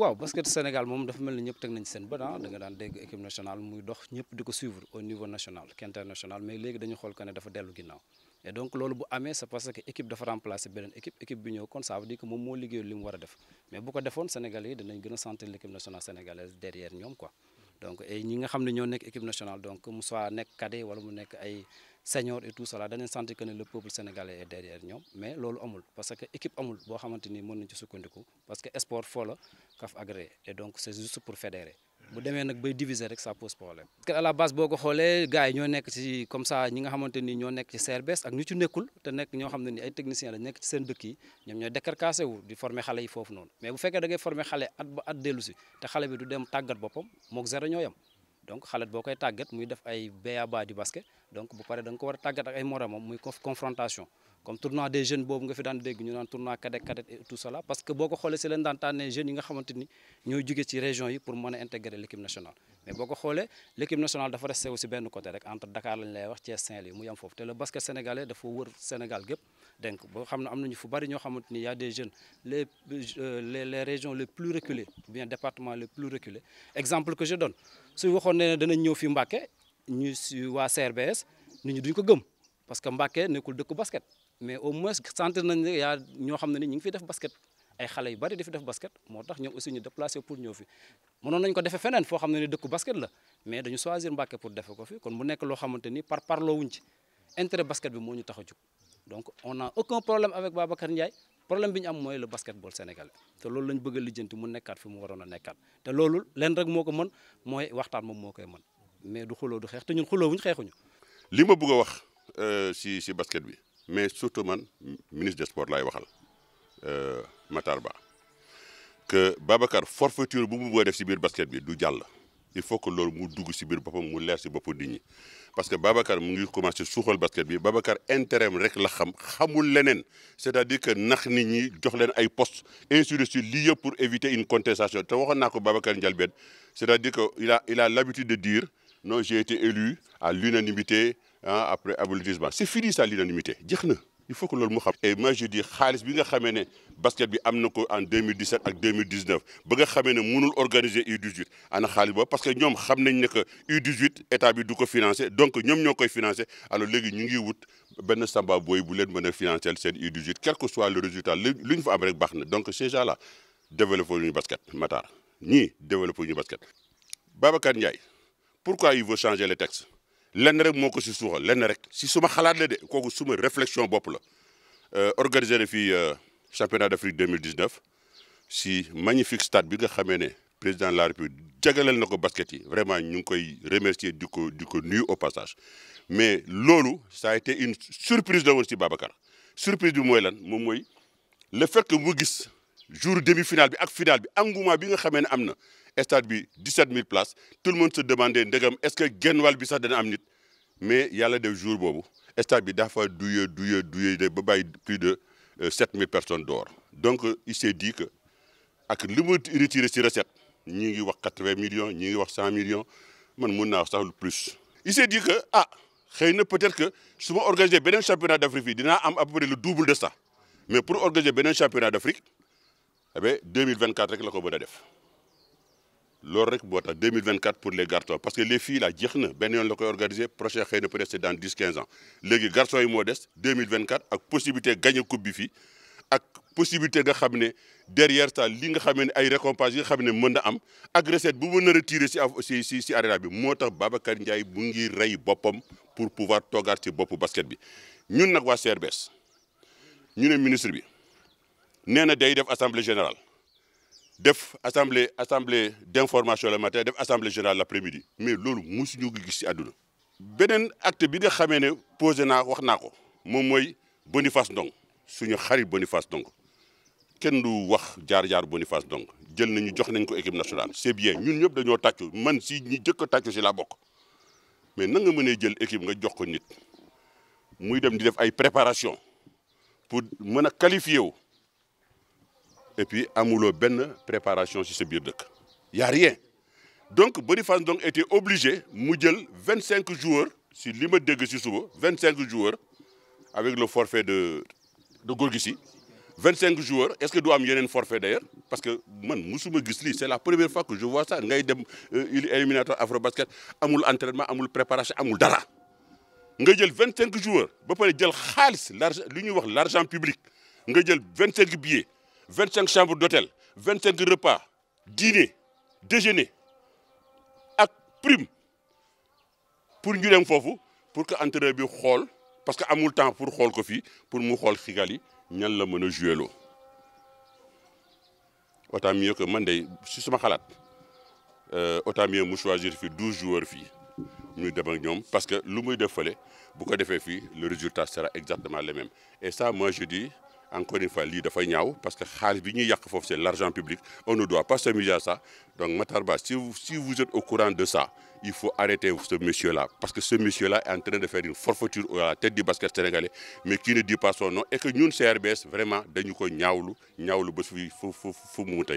waaw basket Sénégal moom dafa mel ni ñëpp teg nañ seen bët ah, da nga daan dégg équipe nationale muy dox ñëpp di ko suivre au niveau national international mais léegi dañu xool que ne dafa dellu ginnaaw et donc loolu bu amee c'est parce que équipe dafa remplacer beneen équipe équipe bi ñëw kon ça veut dire moom moo liggéeyul li mu war def mais bu ko defoon Sénégal yi danañ gën a sentir l'équipe nationale sénégalaise derrière ñoom quoi donc et ñi nga senior et tout cela danañ sentir que ne le peuple sénégalais est derrière ñoom mais loolu amul parce que équipe amul boo xamante ni mën nañ ci sukkandiku parce que sport foo la kaf agréé et donc c' est juste pour fédérer bu demee nag bay diviser rek ça pose problème. parce boo ko xoolee gars yi ñoo nekk ci comme ça ñi nga xamante ni ñoo nekk ci CRBS ak ñu ci nekkul te nekk ñoo xam ne ni ay techniciens la nekk ci seen dëkk yi ñoom ñooy décarcassé wu di former noonu mais bu fekkee da ngay former xale at xale bi du dem tàggat boppam moog zéro ñoo yam donc xale boo koy tàggat muy def ay béyaba du basket donc bu paree da ko war a tàggat ak ay moromam muy confrontation comme tournoi des jeunes boobu nga fi daan dégg ñu naan tournoi cadet cadet et tout cela parce que boo ko xoolee si leen daan tànnee jeunes yi nga xamante ni jugee ci région yi pour mën a intégrer l' équipe nationale mais boo ko xoolee l' nationale dafa resté si benn côté rek entre Dakar lañ lay wax Thiès Saint-Louis denk boo xam ne am nañu fu bari ñoo xamante ni y a des jeunes les euh, les les régions les plus reculées ou bien département les plus reculés exemple que je donne su waxoon ne danañ ñëw fi Mbacké ñu si waa CRBS ñu ñi duñ ko gëm parce que Mbacké nekkul dëkk basket mais au moins sentir nañ ne yaa ñoo xam ne ni ñu ngi fiy def basket ay xale yu bari di def basket moo tax ñoom aussi ñu déplacé pour ñëw fi mënoon nañ ko defee feneen foo xam ne ni dëkku basket la mais dañu choisir Mbacké pour defe ko fi kon mu nekk loo xamante ni par parloo wuñ ci intérêt basket bi moo ñu tax a jóg donc on a aucun problème avec Babacar Ndiaye problème bi ñu am mooy le basketball sénégalais te loolu lañ bëgg a lijjanti mu nekkaat fi mu waroon a nekkaat te loolu leen rek moo ko mën mooy waxtaan moom moo koy mën mais du xuloo du xeex te ñun xuloowuñ xeexuñu. li ma bëgg a wax si euh, si basket bi mais surtout man ministre des sports laay waxal euh, Matar Ba que Babacar forfaiture bu mu bëgg def si biir basket bi du jàll. il faut que loolu mu dugg si biir boppam mu leer si boppu nit parce que Babacar mu ngi commencé suuxal basket bi Babacar intérêt rek la xam xamul leneen c'est-à-dire que nax nit ñi jox leen ay post ainsi de suite lii yëpp pour éviter une contestation te waxoon naa ko Babacar Ndialbène c'est-à-dire que il a il a l'habitude de dire non j'ai élu à l'unanimité après abolitisme c'est fini ça l'unanimité jeex na. il faut que loolu mu xam et moi je dis xaalis bi nga xamee ne basket bi am na ko en 2017 ak 2019 ba nga xamee ne mënul organiser u que ñoom xam nañ ne que u bi du ko financer donc ñoom ñoo koy financer alors léegi ñu ngi benn samba booy bu leen mën a financer seen U18 quel que soit le résultat lu ñu fa am rek baax na donc ces gens là développé ñu basket Matar ñii développé ñu basket Babacar Ndiaye pourquoi il veut changer les textes lenn rek moo ko si suuxal lenn rek si suma xalaat la de kooku suma réflexion bopp la euh, organisé na fii euh, championnat d'Afrique 2019 si magnifique stade bi nga xamee ne président de la république jagaleel na ko basket yi vraiment ñu ngi koy remercier di ko di ko nuyu au passage mais loolu ça été une surprise la woon si Babacar surprise bi mooy lan moom mooy le fait mu gis jour demi-finale bi ak finale bi engouement bi nga xamee ne am na stade bi 17000 places tout le monde se demandait ndegam ndegem ce que genn wàll bi sax dana am nit mais yàlla def jour boobu stade bi dafa duye duye duye de ba bàyyi plus de 7000 euh, personnes dehors donc euh, il s'est dit que ak li mu retiré ci recette ñi ngi wax 80 millions ñi ngi wax 100 millions man mun na wax sax lu plus. il s'est dit que ah xëy na peut-être que su ma organiser beneen championnat d'Afrique fii dinaa am à peu près le double de ça mais pour organiser beneen championnat d'Afrique. Eh ba 2024 rek la ko mën def loolu rek boo tax 2024 pour les garçons parce que les filles là jeex na benn yoon la koy organiser prochain xëy na peut être dans 10 15 ans léegi garçons yi moo des 2024 ak possibilité gagner coupe bi fii ak possibilité nga xam ne derrière ça li nga xam ne ay récompense nga xam ne mën na am ak recette bu mën a retirer si si si si arena bi moo tax Babacar Ndiaye mu ngi rey boppam pour pouvoir toogaat si boppu basket bi ñun nag waa CRBS ñu ne ministre bi. nee na day def assemblée générale def assemblée assemblée d'information le matin def assemblée générale l'après-midi mais loolu ñu ko gis ci àdduna beneen acte bi nga xamee ne posé naa wax naa ko moom mooy Boniface Ndong suñu xarit Boniface Ndong kenn du wax jaar-jaar Boniface Ndong jël nañu jox nañ ko équipe nationale c'est bien ñun ñëpp dañoo tàccu man si ñu jëkk a si laa bokk mais na nga mënee jël équipe nga jox ko nit muy dem di def ay préparation pour mën a qualifier wu et puis amuloo benn préparation ci sa biir dëkk y a rien donc Boniface Ndong obligé mu jël vingt cinq joueurs si li ma dégg si suba vingt cinq joueurs avec le forfait de de Gorgui vingt cinq joueurs est-ce que du am yeneen forfait d'ailleurs parce que man musuma gis lii c'est la première fois que je vois ça ngay dem euh, il éliminatoire Afrobasket amul entraînement amul préparation amul dara nga jël vingt cinq joueurs ba pare jël xaalis l'argent lu ñuy wax l'argent public nga jël vingt cinq billets vingt cinq chambres d'hôtel vingt cinq repas dîner déjeuner ak prime pour ñu dem foofu pour que entraîneur bi xool parce que amul temps pour xool ko fii pour mu xool Kigali ñan la mën a joué loo autant mieux que man de si sama xalaat euh, autant mieux mu choisir fii douze joueurs fii ñu dem ak ñoom parce que lu muy def fële bu ko defee fii le résultat sera exactement le même et ça moi je encore une fois lii dafay ñaaw parce que xaalis bi ñuy yàq foofu c'est l'argent public on pas s'amuser à ça donc Matar Ba si vous si vous êtes au courant de ça il faut arrêter ce monsieur là parce que ce monsieur là est en train de faire une forfaiture à la tête du basket sénégalais mais qui ne dit pas son nom et CRBS vraiment dañu ñaawlu ñaawlu ba fi fu fu fu mu mënta